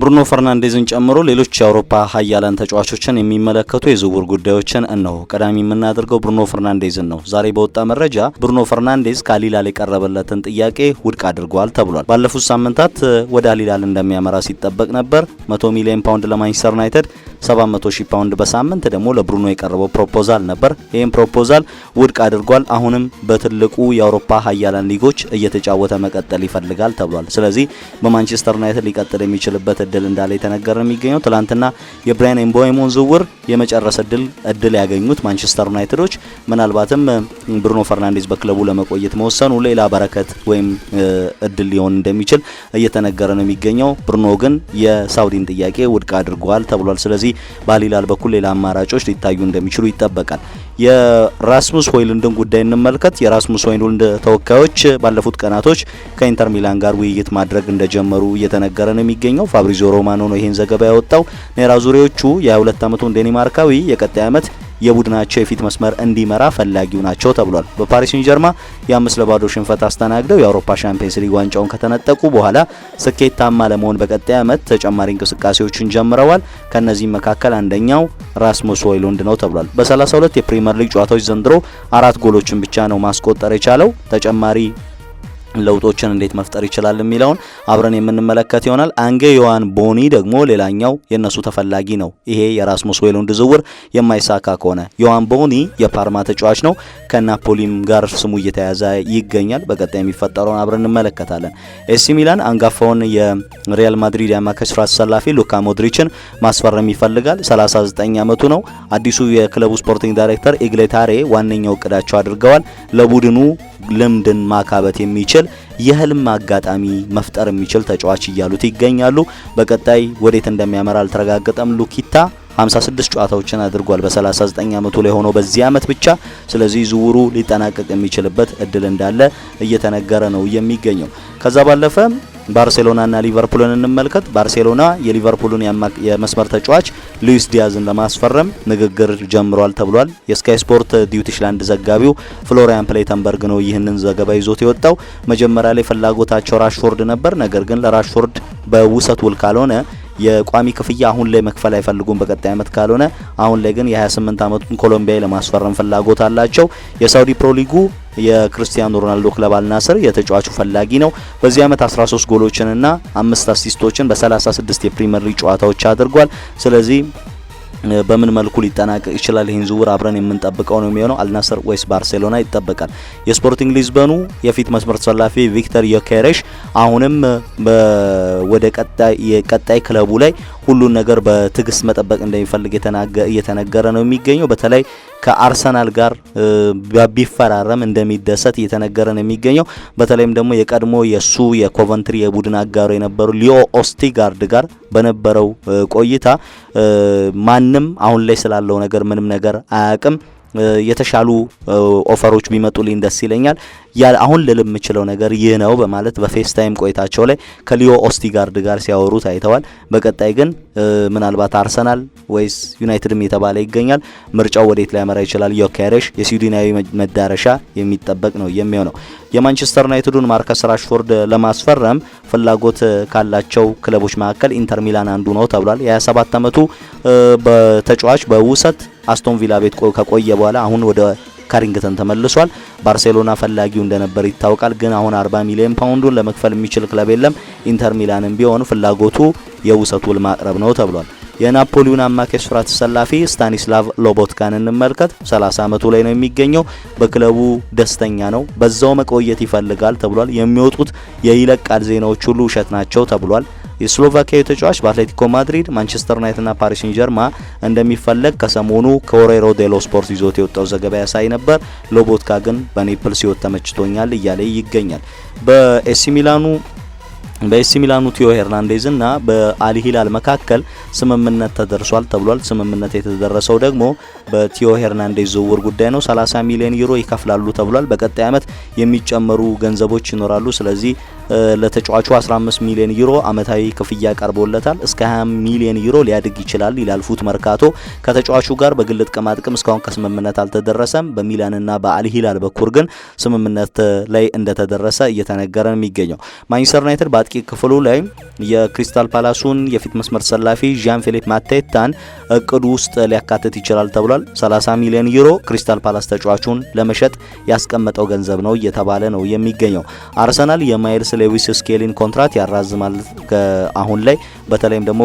ብሩኖ ፈርናንዴዝን ጨምሮ ሌሎች የአውሮፓ ሀያላን ተጫዋቾችን የሚመለከቱ የዝውውር ጉዳዮችን እነሆ። ቀዳሚ የምናደርገው ብሩኖ ፈርናንዴዝን ነው። ዛሬ በወጣ መረጃ ብሩኖ ፈርናንዴዝ ከአሊላል የቀረበለትን ጥያቄ ውድቅ አድርጓል ተብሏል። ባለፉት ሳምንታት ወደ አሊላል እንደሚያመራ ሲጠበቅ ነበር። 100 ሚሊዮን ፓውንድ ለማንቸስተር ዩናይትድ 700 ሺህ ፓውንድ በሳምንት ደግሞ ለብሩኖ የቀረበው ፕሮፖዛል ነበር። ይህም ፕሮፖዛል ውድቅ አድርጓል። አሁንም በትልቁ የአውሮፓ ሀያላን ሊጎች እየተጫወተ መቀጠል ይፈልጋል ተብሏል። ስለዚህ በማንቸስተር ዩናይትድ ሊቀጥል የሚችልበት እድል እንዳለ የተነገረ የሚገኘው። ትላንትና የብራያን ኤምቦይሞን ዝውውር የመጨረስ እድል እድል ያገኙት ማንቸስተር ዩናይትዶች ምናልባትም ብሩኖ ፈርናንዴዝ በክለቡ ለመቆየት መወሰኑ ሌላ በረከት ወይም እድል ሊሆን እንደሚችል እየተነገረ ነው የሚገኘው። ብሩኖ ግን የሳውዲን ጥያቄ ውድቅ አድርጓል ተብሏል። ስለዚህ በአሊላል በኩል ሌላ አማራጮች ሊታዩ እንደሚችሉ ይጠበቃል። የራስሙስ ሆይሉንድን ጉዳይ እንመልከት። የራስሙስ ሆይሉንድ ተወካዮች ባለፉት ቀናቶች ከኢንተር ሚላን ጋር ውይይት ማድረግ እንደጀመሩ እየተነገረ ነው የሚገኘው። ፋብሪዚዮ ሮማኖ ነው ይህን ዘገባ ያወጣው። ኔራ ዙሪዎቹ የ22 ዓመቱን ዴኒማርካዊ የቀጣይ ዓመት የቡድናቸው የፊት መስመር እንዲመራ ፈላጊው ናቸው ተብሏል። በፓሪስ ሴን ጀርማ የአምስት ለባዶ ሽንፈት አስተናግደው የአውሮፓ ሻምፒየንስ ሊግ ዋንጫውን ከተነጠቁ በኋላ ስኬታማ ለመሆን በቀጣይ ዓመት ተጨማሪ እንቅስቃሴዎችን ጀምረዋል። ከእነዚህም መካከል አንደኛው ራስሙስ ሆይሉንድ ነው ተብሏል። በ32 የፕሪምየር ሊግ ጨዋታዎች ዘንድሮ አራት ጎሎችን ብቻ ነው ማስቆጠር የቻለው ተጨማሪ ለውጦችን እንዴት መፍጠር ይችላል የሚለውን አብረን የምንመለከት ይሆናል። አንገ ዮሐን ቦኒ ደግሞ ሌላኛው የእነሱ ተፈላጊ ነው። ይሄ የራስሙስ ሆይሉንድ ዝውውር የማይሳካ ከሆነ ዮሐን ቦኒ የፓርማ ተጫዋች ነው። ከናፖሊም ጋር ስሙ እየተያዘ ይገኛል። በቀጣይ የሚፈጠረውን አብረን እንመለከታለን። ኤሲ ሚላን አንጋፋውን የሪያል ማድሪድ የአማካይ ስራ አሰላፊ ሉካ ሞድሪችን ማስፈረም ይፈልጋል። 39 ዓመቱ ነው። አዲሱ የክለቡ ስፖርቲንግ ዳይሬክተር ኢግሌታሬ ዋነኛው እቅዳቸው አድርገዋል ለቡድኑ ልምድን ማካበት የሚችል የህልም አጋጣሚ መፍጠር የሚችል ተጫዋች እያሉት ይገኛሉ። በቀጣይ ወዴት እንደሚያመራ አልተረጋገጠም። ሉኪታ 56 ጨዋታዎችን አድርጓል በ39 ዓመቱ ላይ ሆኖ በዚህ ዓመት ብቻ። ስለዚህ ዝውውሩ ሊጠናቀቅ የሚችልበት እድል እንዳለ እየተነገረ ነው የሚገኘው ከዛ ባለፈ ባርሴሎናና ሊቨርፑልን እንመልከት። ባርሴሎና የሊቨርፑልን የመስመር ተጫዋች ሉዊስ ዲያዝን ለማስፈረም ንግግር ጀምሯል ተብሏል። የስካይ ስፖርት ዲዩቲሽላንድ ዘጋቢው ፍሎሪያን ፕሌተንበርግ ነው ይህንን ዘገባ ይዞት የወጣው። መጀመሪያ ላይ ፍላጎታቸው ራሽፎርድ ነበር። ነገር ግን ለራሽፎርድ በውሰት ውል ካልሆነ የቋሚ ክፍያ አሁን ላይ መክፈል አይፈልጉም በቀጣይ ዓመት ካልሆነ። አሁን ላይ ግን የ28 አመቱን ኮሎምቢያ ለማስፈረም ፍላጎት አላቸው። የሳውዲ ፕሮ ሊጉ የክርስቲያኖ ሮናልዶ ክለብ አልናስር የተጫዋቹ ፈላጊ ነው። በዚህ አመት 13 ጎሎችንና አምስት አሲስቶችን በ36 የፕሪምየር ሊግ ጨዋታዎች አድርጓል። ስለዚህ በምን መልኩ ሊጠናቀቅ ይችላል? ይህን ዝውውር አብረን የምንጠብቀው ነው የሚሆነው። አልናስር ወይስ ባርሴሎና ይጠበቃል። የስፖርቲንግ ሊዝበኑ የፊት መስመር ተሰላፊ ቪክተር ዮኬሬሽ አሁንም ወደ ቀጣይ ክለቡ ላይ ሁሉን ነገር በትዕግስት መጠበቅ እንደሚፈልግ እየተነገረ ነው የሚገኘው። በተለይ ከአርሰናል ጋር ቢፈራረም እንደሚደሰት እየተነገረ ነው የሚገኘው። በተለይም ደግሞ የቀድሞ የሱ የኮቨንትሪ የቡድን አጋሩ የነበሩ ሊዮ ኦስቲጋርድ ጋር በነበረው ቆይታ ማንም አሁን ላይ ስላለው ነገር ምንም ነገር አያቅም። የተሻሉ ኦፈሮች ቢመጡልኝ ደስ ይለኛል። አሁን ልል የምችለው ነገር ይህ ነው በማለት በፌስታይም ቆይታቸው ላይ ከሊዮ ኦስቲጋርድ ጋር ሲያወሩ ታይተዋል። በቀጣይ ግን ምናልባት አርሰናል ወይስ ዩናይትድም የተባለ ይገኛል። ምርጫው ወዴት ሊያመራ ይችላል? ዮኬሬሽ የስዊድናዊ መዳረሻ የሚጠበቅ ነው የሚሆነው። የማንቸስተር ዩናይትዱን ማርከስ ራሽፎርድ ለማስፈረም ፍላጎት ካላቸው ክለቦች መካከል ኢንተር ሚላን አንዱ ነው ተብሏል። የ27 ዓመቱ ተጫዋች በውሰት አስቶን ቪላ ቤት ከቆየ በኋላ አሁን ወደ ካሪንግተን ተመልሷል። ባርሴሎና ፈላጊው እንደነበር ይታወቃል። ግን አሁን 40 ሚሊዮን ፓውንዱን ለመክፈል የሚችል ክለብ የለም። ኢንተር ሚላንም ቢሆን ፍላጎቱ የውሰት ውል ማቅረብ ነው ተብሏል። የናፖሊዮን አማካይ ስራ ተሰላፊ ስታኒስላቭ ሎቦትካን እንመልከት። 30 ዓመቱ ላይ ነው የሚገኘው። በክለቡ ደስተኛ ነው፣ በዛው መቆየት ይፈልጋል ተብሏል። የሚወጡት የይለቃል ዜናዎች ሁሉ ውሸት ናቸው ተብሏል። የስሎቫኪያዊ ተጫዋች በአትሌቲኮ ማድሪድ፣ ማንቸስተር ዩናይትድ እና ፓሪስ ሴን ጀርማ እንደሚፈለግ ከሰሞኑ ኮሬሮ ዴሎ ስፖርት ይዞት የወጣው ዘገባ ያሳይ ነበር። ሎቦትካ ግን በኔፕልስ ሕይወት ተመችቶኛል እያለ ይገኛል። በኤሲ ሚላኑ በኤሲ ሚላኑ ቲዮ ሄርናንዴዝ እና በአል ሂላል መካከል ስምምነት ተደርሷል ተብሏል። ስምምነት የተደረሰው ደግሞ በቲዮ ሄርናንዴዝ ዝውውር ጉዳይ ነው። 30 ሚሊዮን ዩሮ ይከፍላሉ ተብሏል። በቀጣይ ዓመት የሚጨመሩ ገንዘቦች ይኖራሉ። ስለዚህ ለተጫዋቹ 15 ሚሊዮን ዩሮ አመታዊ ክፍያ ቀርቦለታል። እስከ 20 ሚሊዮን ዩሮ ሊያድግ ይችላል ይላል ፉት መርካቶ። ከተጫዋቹ ጋር በግል ጥቅማ ጥቅም እስካሁን ከስምምነት አልተደረሰም። በሚላንና ሂላል በኩል ግን ስምምነት ላይ እንደተደረሰ እየተነገረ ነው የሚገኘው። ማንቸስተር ዩናይትድ በአጥቂ ክፍሉ ላይ የክሪስታል ፓላሱን የፊት መስመር ሰላፊ ዣን ፊሊፕ ማቴታን እቅዱ ውስጥ ሊያካትት ይችላል ተብሏል። 30 ሚሊዮን ዩሮ ክሪስታል ፓላስ ተጫዋቹን ለመሸጥ ያስቀመጠው ገንዘብ ነው እየተባለ ነው የሚገኘው። አርሰናል የማይልስ ዊስ ስኬሊን ኮንትራት ያራዝማል። አሁን ላይ በተለይም ደግሞ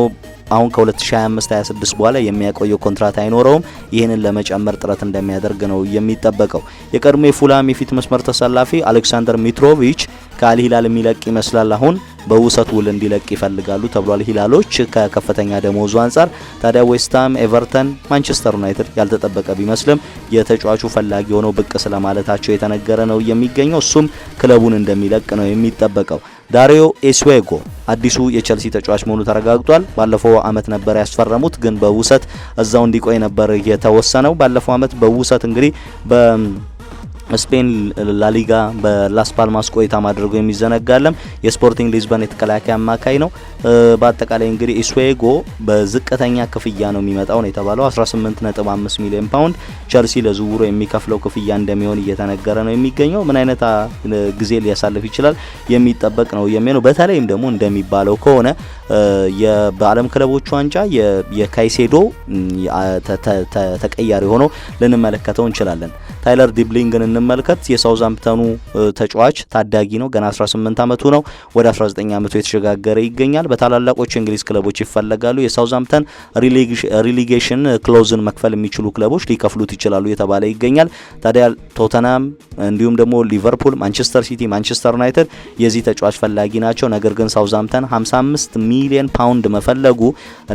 አሁን ከ2025/26 በኋላ የሚያቆየው ኮንትራት አይኖረውም። ይህንን ለመጨመር ጥረት እንደሚያደርግ ነው የሚጠበቀው። የቀድሞ የፉላም የፊት መስመር ተሰላፊ አሌክሳንደር ሚትሮቪች ከአልሂላል የሚለቅ ይመስላል አሁን በውሰት ውል እንዲለቅ ይፈልጋሉ ተብሏል። ሂላሎች ከከፍተኛ ደሞዙ አንጻር ታዲያ ዌስትሃም፣ ኤቨርተን፣ ማንቸስተር ዩናይትድ ያልተጠበቀ ቢመስልም የተጫዋቹ ፈላጊ ሆነው ብቅ ስለማለታቸው የተነገረ ነው የሚገኘው። እሱም ክለቡን እንደሚለቅ ነው የሚጠበቀው። ዳሪዮ ኤስዌጎ አዲሱ የቸልሲ ተጫዋች መሆኑ ተረጋግጧል። ባለፈው አመት ነበር ያስፈረሙት፣ ግን በውሰት እዛው እንዲቆይ ነበር የተወሰነው። ባለፈው አመት በውሰት እንግዲህ በ ስፔን ላሊጋ በላስ ፓልማስ ቆይታ ማድረጉ የሚዘነጋለም የስፖርቲንግ ሊዝበን የተከላካይ አማካይ ነው። በአጠቃላይ እንግዲህ ኢስዌጎ በዝቅተኛ ክፍያ ነው የሚመጣው ነው የተባለው 18.5 ሚሊዮን ፓውንድ ቸልሲ ለዝውውሩ የሚከፍለው ክፍያ እንደሚሆን እየተነገረ ነው የሚገኘው። ምን አይነት ጊዜ ሊያሳልፍ ይችላል የሚጠበቅ ነው የሚሆነው። በተለይም ደግሞ እንደሚባለው ከሆነ በዓለም ክለቦች ዋንጫ የካይሴዶ ተቀያሪ ሆኖ ልንመለከተው እንችላለን። ታይለር ዲብሊንግን እንመልከት። የሳውዛምፕተኑ ተጫዋች ታዳጊ ነው፣ ገና 18 ዓመቱ ነው። ወደ 19 ዓመቱ የተሸጋገረ ይገኛል። በታላላቆች እንግሊዝ ክለቦች ይፈለጋሉ። የሳውዛምፕተን ሪሊጌሽን ክሎዝን መክፈል የሚችሉ ክለቦች ሊከፍሉት ይችላሉ የተባለ ይገኛል። ታዲያ ቶተናም እንዲሁም ደግሞ ሊቨርፑል፣ ማንቸስተር ሲቲ፣ ማንቸስተር ዩናይትድ የዚህ ተጫዋች ፈላጊ ናቸው። ነገር ግን ሳውዛምፕተን 55 ሚሊዮን ፓውንድ መፈለጉ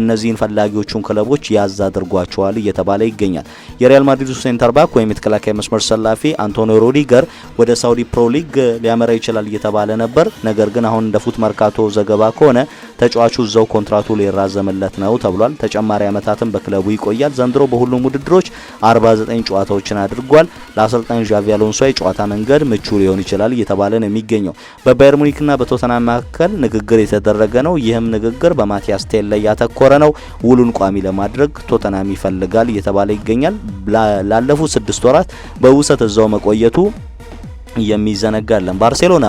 እነዚህን ፈላጊዎቹን ክለቦች ያዝ አድርጓቸዋል እየተባለ ይገኛል። የሪያል ማድሪድ ሴንተር ባክ ወይም የተከላካይ የመስመር ሰላፊ አንቶኒ ሩዲገር ወደ ሳውዲ ፕሮ ሊግ ሊያመራ ይችላል እየተባለ ነበር። ነገር ግን አሁን እንደ ፉት መርካቶ ዘገባ ከሆነ ተጫዋቹ እዛው ኮንትራቱ ሊራዘምለት ነው ተብሏል። ተጨማሪ ዓመታትም በክለቡ ይቆያል። ዘንድሮ በሁሉም ውድድሮች 49 ጨዋታዎችን አድርጓል። ለአሰልጣኝ ዣቪ አሎንሶ የጨዋታ መንገድ ምቹ ሊሆን ይችላል እየተባለ ነው የሚገኘው። በባየር ሙኒክና በቶተናም መካከል ንግግር የተደረገ ነው። ይህም ንግግር በማቲያስ ቴል ላይ ያተኮረ ነው። ውሉን ቋሚ ለማድረግ ቶተናም ይፈልጋል እየተባለ ይገኛል። ላለፉት ስድስት ወራት በውሰት እዛው መቆየቱ የሚዘነጋለን። ባርሴሎና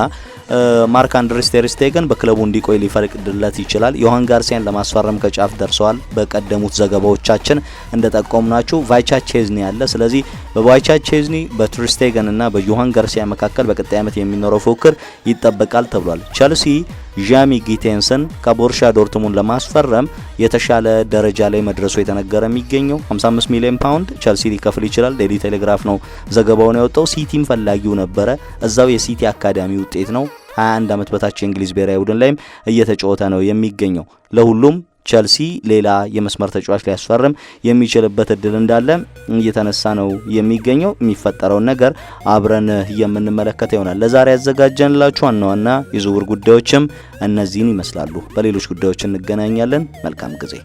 ማርክ አንድሬስ ቴርስቴገን በክለቡ እንዲቆይ ሊፈቅድለት ይችላል። ዮሐን ጋርሲያን ለማስፈረም ከጫፍ ደርሰዋል። በቀደሙት ዘገባዎቻችን እንደጠቆምናችሁ ቫይቻ ቼዝኒ ያለ ስለዚህ በባይቻ ቼዝኒ በትሪስቴገን እና በዮሃን ጋርሲያ መካከል በቀጣይ ዓመት የሚኖረው ፉክክር ይጠበቃል ተብሏል። ቸልሲ ዣሚ ጊቴንሰን ከቦርሻ ዶርትሙን ለማስፈረም የተሻለ ደረጃ ላይ መድረሱ የተነገረ የሚገኘው 55 ሚሊዮን ፓውንድ ቸልሲ ሊከፍል ይችላል። ዴሊ ቴሌግራፍ ነው ዘገባውን ያወጣው። ሲቲም ፈላጊው ነበረ። እዛው የሲቲ አካዳሚ ውጤት ነው። 21 ዓመት በታች የእንግሊዝ ብሔራዊ ቡድን ላይም እየተጫወተ ነው የሚገኘው። ለሁሉም ቸልሲ ሌላ የመስመር ተጫዋች ሊያስፈርም የሚችልበት እድል እንዳለ እየተነሳ ነው የሚገኘው። የሚፈጠረውን ነገር አብረን የምንመለከተው ይሆናል። ለዛሬ ያዘጋጀንላችሁ ዋና ዋና የዝውውር ጉዳዮችም እነዚህን ይመስላሉ። በሌሎች ጉዳዮች እንገናኛለን። መልካም ጊዜ